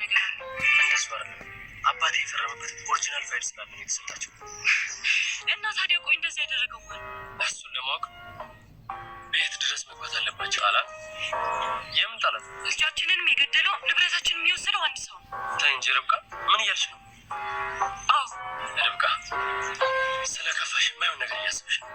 ነገር እንደሱ አይደለም። አባቴ የፈረመበት ኦሪጂናል ፋይል ስላለ ነው የተሰጣቸው። እና ታዲያ ቆይ እንደዚህ ያደረገው እሱን ለማወቅ ቤት ድረስ መግባት አለባቸው አላት። የምን ጣላት? ልጃችንንም የገደለው ንብረታችን የሚወስደው አንድ ሰው ነው። ተይ እንጂ ርብቃ፣ ምን እያልሽ ነው? አዎ ርብቃ፣ ስለ ከፋሽ የማይሆን ነገር እያስብሽ ነው።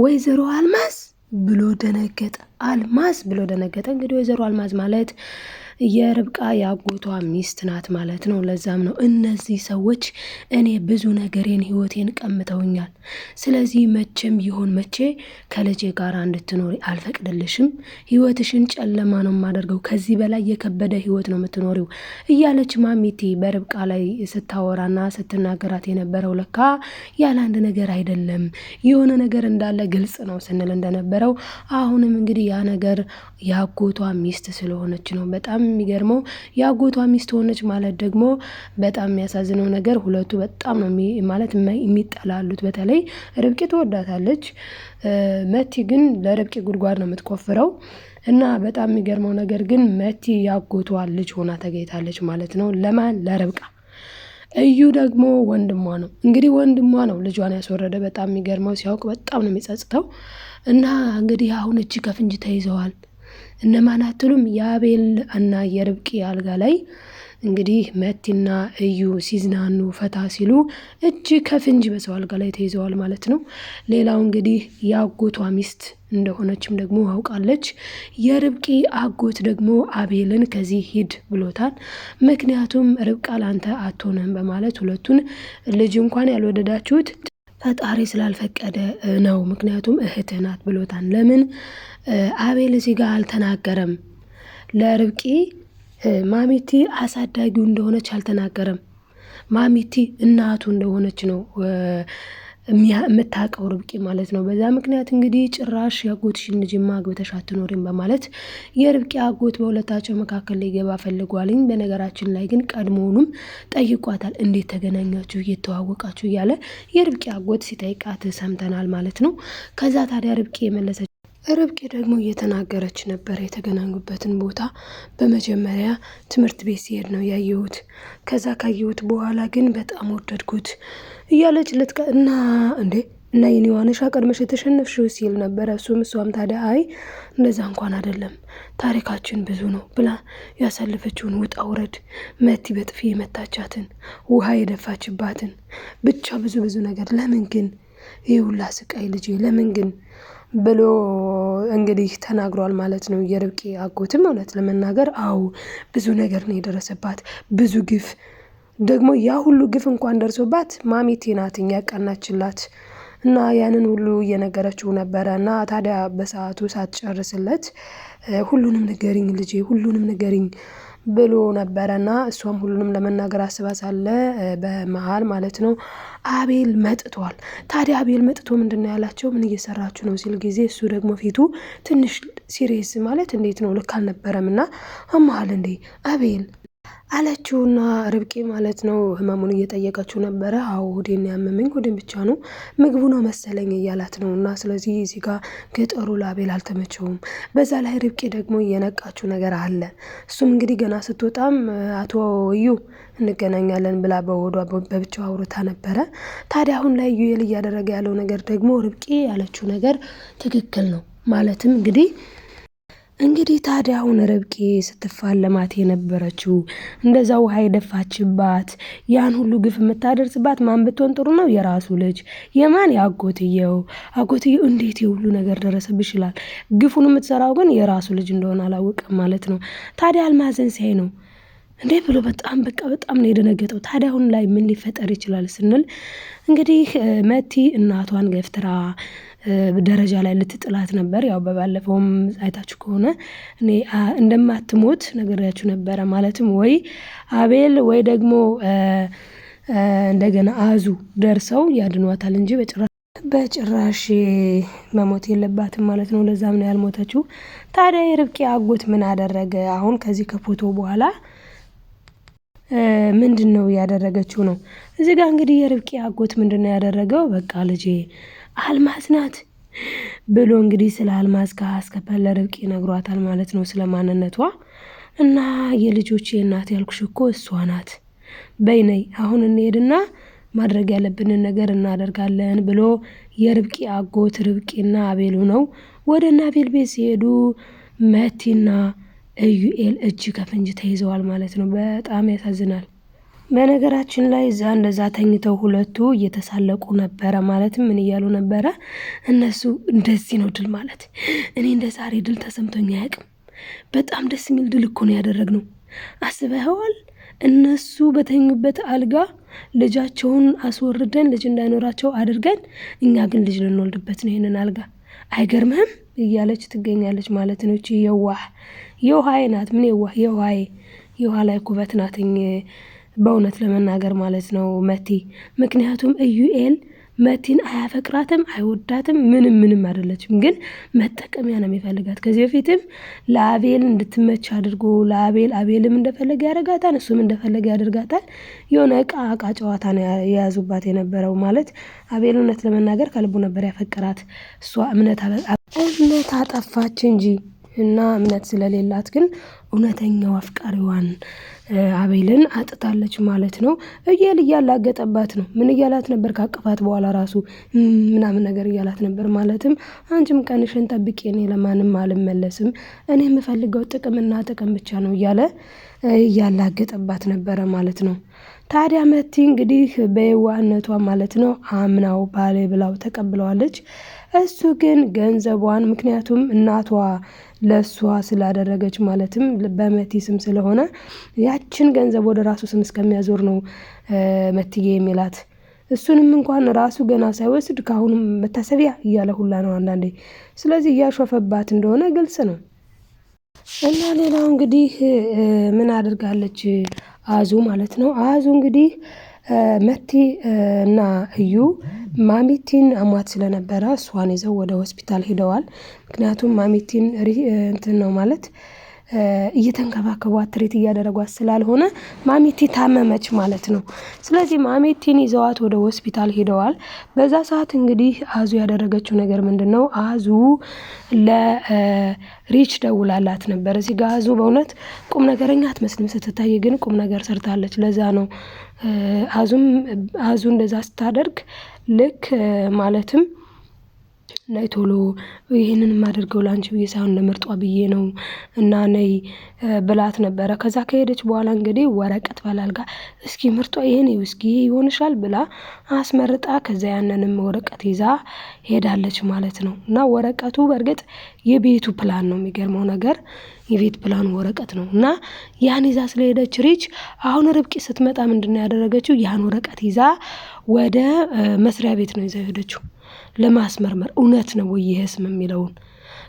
ወይዘሮ አልማዝ ብሎ ደነገጠ። አልማዝ ብሎ ደነገጠ። እንግዲህ ወይዘሮ አልማዝ ማለት የርብቃ የአጎቷ ሚስት ናት ማለት ነው። ለዛም ነው እነዚህ ሰዎች እኔ ብዙ ነገሬን ህይወቴን ቀምተውኛል፣ ስለዚህ መቼም ይሆን መቼ ከልጄ ጋር እንድትኖሪ አልፈቅድልሽም፣ ህይወትሽን ጨለማ ነው የማደርገው፣ ከዚህ በላይ የከበደ ህይወት ነው የምትኖሪው እያለች ማሚቴ በርብቃ ላይ ስታወራና ስትናገራት የነበረው ለካ ያለ አንድ ነገር አይደለም የሆነ ነገር እንዳለ ግልጽ ነው ስንል እንደነበረው አሁንም እንግዲህ ያ ነገር የአጎቷ ሚስት ስለሆነች ነው። በጣም የሚገርመው የአጎቷ ሚስት ሆነች ማለት ደግሞ በጣም የሚያሳዝነው ነገር ሁለቱ በጣም ነው ማለት የሚጠላሉት። በተለይ ርብቄ ትወዳታለች፣ መቲ ግን ለርብቄ ጉድጓድ ነው የምትቆፍረው። እና በጣም የሚገርመው ነገር ግን መቲ ያጎቷ ልጅ ሆና ተገኝታለች ማለት ነው። ለማን ለርብቃ እዩ ደግሞ ወንድሟ ነው። እንግዲህ ወንድሟ ነው ልጇን ያስወረደ። በጣም የሚገርመው ሲያውቅ በጣም ነው የሚጸጽተው። እና እንግዲህ አሁን እጅ ከፍንጅ ተይዘዋል። እነማን አትሉም? የአቤል እና የርብቃ አልጋ ላይ እንግዲህ መቲና እዩ ሲዝናኑ ፈታ ሲሉ እጅ ከፍንጅ በሰው አልጋ ላይ ተይዘዋል ማለት ነው። ሌላው እንግዲህ የአጎቷ ሚስት እንደሆነችም ደግሞ አውቃለች። የርብቂ አጎት ደግሞ አቤልን ከዚህ ሂድ ብሎታል። ምክንያቱም ርብቃ ላንተ አትሆንም በማለት ሁለቱን ልጅ እንኳን ያልወደዳችሁት ፈጣሪ ስላልፈቀደ ነው፣ ምክንያቱም እህትህ ናት ብሎታል። ለምን አቤል እዚህ ጋር አልተናገረም ለርብቂ ማሚቲ አሳዳጊው እንደሆነች አልተናገረም። ማሚቲ እናቱ እንደሆነች ነው የምታውቀው ርብቃ ማለት ነው። በዛ ምክንያት እንግዲህ ጭራሽ ያጎትሽን ልጅማ አግብተሽ አትኖሪም በማለት የርብቃ አጎት በሁለታቸው መካከል ሊገባ ፈልጓልኝ። በነገራችን ላይ ግን ቀድሞውኑም ጠይቋታል፣ እንዴት ተገናኛችሁ እየተዋወቃችሁ እያለ የርብቃ አጎት ሲጠይቃት ሰምተናል ማለት ነው። ከዛ ታዲያ ርብቃ የመለሰች ርብቃ ደግሞ እየተናገረች ነበር። የተገናኙበትን ቦታ በመጀመሪያ ትምህርት ቤት ሲሄድ ነው ያየሁት፣ ከዛ ካየሁት በኋላ ግን በጣም ወደድኩት እያለች ልትቀ እና እንዴ እና የኔ ዋነሻ ቀድመሽ የተሸነፍሽው ሲል ነበረ። እሱም እሷም ታዲያ አይ እንደዛ እንኳን አይደለም ታሪካችን ብዙ ነው ብላ ያሳለፈችውን ውጣ ውረድ፣ መቲ በጥፊ የመታቻትን፣ ውሃ የደፋችባትን፣ ብቻ ብዙ ብዙ ነገር ለምን ግን ይህ ሁላ ስቃይ ልጄ ለምን ግን ብሎ እንግዲህ ተናግሯል ማለት ነው። የርብቂ አጎትም እውነት ለመናገር አዎ ብዙ ነገር ነው የደረሰባት፣ ብዙ ግፍ ደግሞ ያ ሁሉ ግፍ እንኳን ደርሶባት ማሚቴ ናት ያቀናችላት እና ያንን ሁሉ እየነገረችው ነበረ። እና ታዲያ በሰዓቱ ሳትጨርስለት ሁሉንም ንገሪኝ ልጄ፣ ሁሉንም ንገሪኝ ብሎ ነበረና እሷም ሁሉንም ለመናገር አስባ ሳለ በመሀል ማለት ነው አቤል መጥቷል። ታዲያ አቤል መጥቶ ምንድን ነው ያላቸው ምን እየሰራችሁ ነው ሲል ጊዜ እሱ ደግሞ ፊቱ ትንሽ ሲሪየስ ማለት እንዴት ነው ልክ አልነበረም እና አመሀል እንዴ አቤል አለችውና ርብቂ ማለት ነው ህመሙን እየጠየቀችው ነበረ። አዎ ሆዴን ያመመኝ ሆዴን ብቻ ነው ምግቡ ነው መሰለኝ እያላት ነው። እና ስለዚህ እዚህ ጋር ገጠሩ ላቤል አልተመቸውም። በዛ ላይ ርብቂ ደግሞ እየነቃችው ነገር አለ። እሱም እንግዲህ ገና ስትወጣም አቶ እዩ እንገናኛለን ብላ በሆዷ በብቻው አውርታ ነበረ። ታዲያ አሁን ላይ ዩኤል እያደረገ ያለው ነገር ደግሞ ርብቂ ያለችው ነገር ትክክል ነው ማለትም እንግዲህ እንግዲህ ታዲያ አሁን ርብቃ ስትፋለማት የነበረችው እንደዛ ውሃ የደፋችባት ያን ሁሉ ግፍ የምታደርስባት ማን ብትሆን ጥሩ ነው? የራሱ ልጅ የማን የአጎትየው አጎትየው እንዴት የሁሉ ነገር ደረሰብሽ ይላል። ግፉን የምትሰራው ግን የራሱ ልጅ እንደሆነ አላወቀም ማለት ነው። ታዲያ አልማዝን ሲያይ ነው እንዴ ብሎ በጣም በቃ በጣም ነው የደነገጠው። ታዲያ አሁን ላይ ምን ሊፈጠር ይችላል ስንል እንግዲህ መቲ እናቷን ገፍትራ ደረጃ ላይ ልትጥላት ነበር። ያው በባለፈውም አይታችሁ ከሆነ እኔ እንደማትሞት ነግሬያችሁ ነበረ። ማለትም ወይ አቤል ወይ ደግሞ እንደገና አዙ ደርሰው ያድኗታል እንጂ በጭራሽ በጭራሽ መሞት የለባትም ማለት ነው። ለዛም ነው ያልሞተችው። ታዲያ የርብቃ አጎት ምን አደረገ? አሁን ከዚህ ከፎቶ በኋላ ምንድን ነው ያደረገችው ነው። እዚህ ጋር እንግዲህ የርብቃ አጎት ምንድን ነው ያደረገው? በቃ ልጄ አልማዝ ናት ብሎ እንግዲህ ስለ አልማዝ ከአስከፈል ለርብቃ ይነግሯታል ማለት ነው፣ ስለ ማንነቷ እና የልጆቼ እናት ያልኩሽ እኮ እሷ ናት። በይነይ አሁን እንሄድና ማድረግ ያለብንን ነገር እናደርጋለን ብሎ የርብቃ አጎት ርብቃና አቤሉ ነው ወደ አቤል ቤት ሲሄዱ መቲና ኢዩኤል እጅ ከፍንጅ ተይዘዋል ማለት ነው። በጣም ያሳዝናል። በነገራችን ላይ እዛ እንደዛ ተኝተው ሁለቱ እየተሳለቁ ነበረ። ማለትም ምን እያሉ ነበረ? እነሱ እንደዚህ ነው ድል ማለት። እኔ እንደ ዛሬ ድል ተሰምቶኝ አያውቅም። በጣም ደስ የሚል ድል እኮ ነው ያደረግነው። አስበኸዋል? እነሱ በተኙበት አልጋ ልጃቸውን አስወርደን ልጅ እንዳይኖራቸው አድርገን፣ እኛ ግን ልጅ ልንወልድበት ነው ይህንን አልጋ። አይገርምህም? እያለች ትገኛለች ማለት ነው። እቺ የዋህ የውሃዬ ናት። ምን የዋህ የውሃዬ የውሃ ላይ ኩበት ናትኝ በእውነት ለመናገር ማለት ነው መቲ። ምክንያቱም እዩኤል መቲን አያፈቅራትም፣ አይወዳትም፣ ምንም ምንም አይደለችም። ግን መጠቀሚያ ነው የሚፈልጋት። ከዚህ በፊትም ለአቤል እንድትመች አድርጎ ለአቤል አቤልም እንደፈለገ ያደርጋታል፣ እሱም እንደፈለገ ያደርጋታል። የሆነ እቃ እቃ ጨዋታ ነው የያዙባት የነበረው ማለት አቤል እውነት ለመናገር ከልቡ ነበር ያፈቅራት። እሷ እምነት እምነት አጠፋች እንጂ እና እምነት ስለሌላት ግን እውነተኛው አፍቃሪዋን አቤልን አጥታለች ማለት ነው። እየል እያላገጠባት ነው። ምን እያላት ነበር? ካቀፋት በኋላ ራሱ ምናምን ነገር እያላት ነበር። ማለትም አንቺም ቀንሽን ጠብቄ እኔ ለማንም አልመለስም፣ እኔ የምፈልገው ጥቅምና ጥቅም ብቻ ነው እያለ እያላገጠባት ነበረ ማለት ነው። ታዲያ መቲ እንግዲህ በየዋህነቷ ማለት ነው አምናው ባሌ ብላው ተቀብለዋለች። እሱ ግን ገንዘቧን ምክንያቱም እናቷ ለእሷ ስላደረገች ማለትም በመቲ ስም ስለሆነ ያችን ገንዘብ ወደ ራሱ ስም እስከሚያዞር ነው መትዬ የሚላት። እሱንም እንኳን ራሱ ገና ሳይወስድ ከአሁኑም መታሰቢያ እያለ ሁላ ነው አንዳንዴ። ስለዚህ እያሾፈባት እንደሆነ ግልጽ ነው። እና ሌላው እንግዲህ ምን አድርጋለች አዙ ማለት ነው። አዙ እንግዲህ መቲ እና እዩ ማሚቲን አሟት ስለነበረ እሷን ይዘው ወደ ሆስፒታል ሄደዋል። ምክንያቱም ማሚቲን እንትን ነው ማለት እየተንከባከቧት ትሬት እያደረጓት ስላልሆነ ማሚቲ ታመመች ማለት ነው። ስለዚህ ማሜቲን ይዘዋት ወደ ሆስፒታል ሄደዋል። በዛ ሰዓት እንግዲህ አዙ ያደረገችው ነገር ምንድን ነው? አዙ ለሪች ደውላላት ነበር። እዚህ ጋ አዙ በእውነት ቁም ነገረኛ አትመስልም ስትታይ፣ ግን ቁም ነገር ሰርታለች። ለዛ ነው አዙም አዙ እንደዛ ስታደርግ ልክ ማለትም ነይ ቶሎ ይህንን የማደርገው ለአንቺ ብዬ ሳይሆን ለምርጧ ብዬ ነው እና ነይ ብላት ነበረ። ከዛ ከሄደች በኋላ እንግዲህ ወረቀት በላልጋ እስኪ ምርጧ ይህን እስኪ ይሆንሻል ብላ አስመርጣ ከዛ ያንንም ወረቀት ይዛ ሄዳለች ማለት ነው። እና ወረቀቱ በእርግጥ የቤቱ ፕላን ነው። የሚገርመው ነገር የቤት ፕላኑ ወረቀት ነው እና ያን ይዛ ስለሄደች ሪች አሁን ርብቂ ስትመጣ ምንድን ነው ያደረገችው? ያን ወረቀት ይዛ ወደ መስሪያ ቤት ነው ይዛ ሄደችው። ለማስመርመር እውነት ነው ወይ ይሄ ስም የሚለውን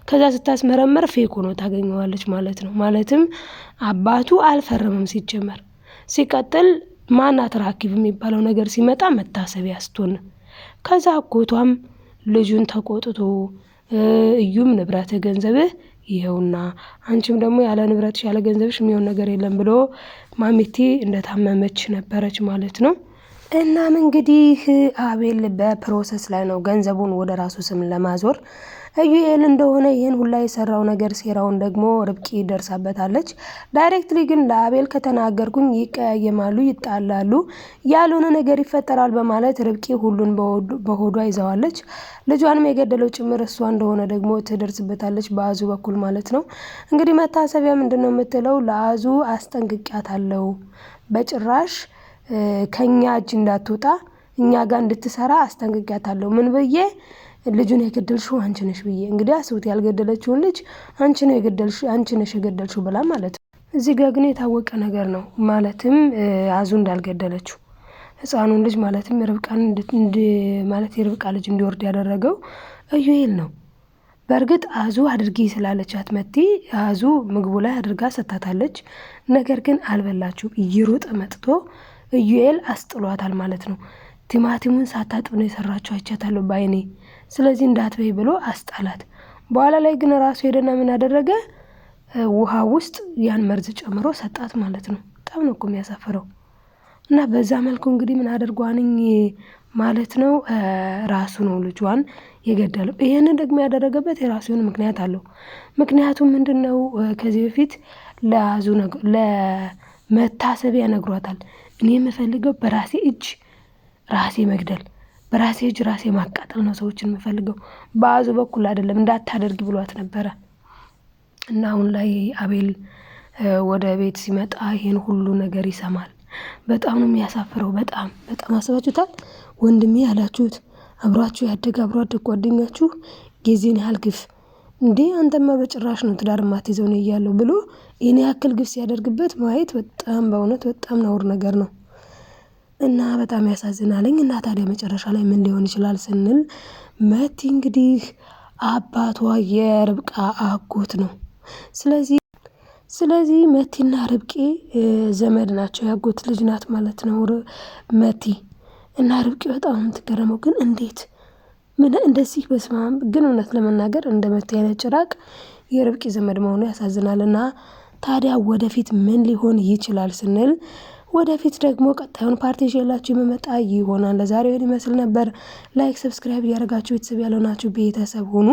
ከዛ ስታስመረመር ፌክ ሆኖ ታገኘዋለች ማለት ነው። ማለትም አባቱ አልፈረመም ሲጀመር። ሲቀጥል ማን አትራኪብ የሚባለው ነገር ሲመጣ መታሰቢያ ስትሆን፣ ከዛ አጎቷም ልጁን ተቆጥቶ እዩም ንብረተ ገንዘብህ ይኸውና አንቺም ደግሞ ያለ ንብረትሽ ያለ ገንዘብሽ የሚሆን ነገር የለም ብሎ ማሚቴ እንደታመመች ነበረች ማለት ነው። እናም እንግዲህ አቤል በፕሮሰስ ላይ ነው ገንዘቡን ወደ ራሱ ስም ለማዞር እዩኤል እንደሆነ ይህን ሁላ የሰራው ነገር ሴራውን ደግሞ ርብቂ ደርሳበታለች። ዳይሬክትሊ ግን ለአቤል ከተናገርኩኝ ይቀያየማሉ፣ ይጣላሉ፣ ያልሆነ ነገር ይፈጠራል በማለት ርብቂ ሁሉን በሆዷ ይዘዋለች። ልጇንም የገደለው ጭምር እሷ እንደሆነ ደግሞ ትደርስበታለች በአዙ በኩል ማለት ነው። እንግዲህ መታሰቢያ ምንድን ነው የምትለው ለአዙ አስጠንቅቂያታለሁ በጭራሽ ከእኛ እጅ እንዳትወጣ እኛ ጋር እንድትሰራ አስጠንቅቂያታለሁ። ምን ብዬ ልጁን የገደልሽው አንቺ ነሽ ብዬ። እንግዲህ አስቡት፣ ያልገደለችውን ልጅ አንቺ ነው የገደልሽ፣ አንቺ ነሽ የገደልሽው ብላ ማለት ነው። እዚህ ጋር ግን የታወቀ ነገር ነው ማለትም አዙ እንዳልገደለችው ህፃኑን ልጅ ማለትም ማለት የርብቃ ልጅ እንዲወርድ ያደረገው እዩኤል ነው። በእርግጥ አዙ አድርጊ ስላለቻት መቲ አዙ ምግቡ ላይ አድርጋ ሰታታለች። ነገር ግን አልበላችሁ ይሩጥ መጥቶ እዩኤል አስጥሏታል ማለት ነው። ቲማቲሙን ሳታጥብ ነው የሰራችው አይቻታለሁ ባይኔ። ስለዚህ እንዳትበይ ብሎ አስጣላት። በኋላ ላይ ግን ራሱ ሄደና ምን አደረገ? ውሃ ውስጥ ያን መርዝ ጨምሮ ሰጣት ማለት ነው። በጣም ነው እኮ የሚያሳፍረው። እና በዛ መልኩ እንግዲህ ምን አደርጓንኝ ማለት ነው ራሱ ነው ልጇን የገደለው። ይህንን ደግሞ ያደረገበት የራሱ የሆነ ምክንያት አለው። ምክንያቱም ምንድን ነው? ከዚህ በፊት ለያዙ መታሰቢያ ነግሯታል። እኔ የምፈልገው በራሴ እጅ ራሴ መግደል፣ በራሴ እጅ ራሴ ማቃጠል ነው ሰዎችን የምፈልገው በአዙ በኩል አይደለም እንዳታደርግ ብሏት ነበረ። እና አሁን ላይ አቤል ወደ ቤት ሲመጣ ይሄን ሁሉ ነገር ይሰማል። በጣም ነው የሚያሳፍረው። በጣም በጣም አስባችሁታል። ወንድሜ ያላችሁት አብሯችሁ ያደገ አብሮ አደግ ጓደኛችሁ ጊዜን ያህል ግፍ እንዴ አንተማ በጭራሽ ነው ትዳር ማትይዘው ነው እያለው ብሎ ይህን ያክል ግብ ሲያደርግበት ማየት በጣም በእውነት በጣም ነውር ነገር ነው እና በጣም ያሳዝናለኝ። እና ታዲያ መጨረሻ ላይ ምን ሊሆን ይችላል ስንል መቲ እንግዲህ አባቷ የርብቃ አጎት ነው። ስለዚህ ስለዚህ መቲና ርብቃ ዘመድ ናቸው። የአጎት ልጅ ናት ማለት ነው መቲ እና ርብቄ በጣም የምትገረመው ግን እንዴት ምን እንደዚህ በስማም ግን እውነት ለመናገር እንደ መቴ አይነት ጭራቅ የርብቂ ዘመድ መሆኑ ያሳዝናል። ያሳዝናልና ታዲያ ወደፊት ምን ሊሆን ይችላል ስንል ወደፊት ደግሞ ቀጣዩን ፓርቲ ይዤላችሁ የመመጣ ይሆናል። ለዛሬ ለዛሬውን ይመስል ነበር። ላይክ፣ ሰብስክራይብ እያደረጋችሁ ቤተሰብ ያልሆናችሁ ቤተሰብ ሁኑ።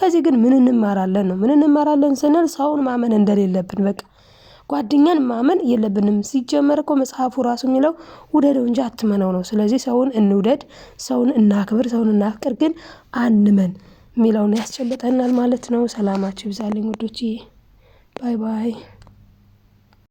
ከዚህ ግን ምን እንማራለን ነው? ምን እንማራለን ስንል ሰውን ማመን እንደሌለብን በቃ ጓደኛን ማመን የለብንም። ሲጀመር እኮ መጽሐፉ ራሱ የሚለው ውደደው እንጂ አትመነው ነው። ስለዚህ ሰውን እንውደድ፣ ሰውን እናክብር፣ ሰውን እናፍቅር፣ ግን አንመን የሚለውን ያስጨብጠናል ማለት ነው። ሰላማችሁ ይብዛልኝ ውዶችዬ። ባይ ባይ።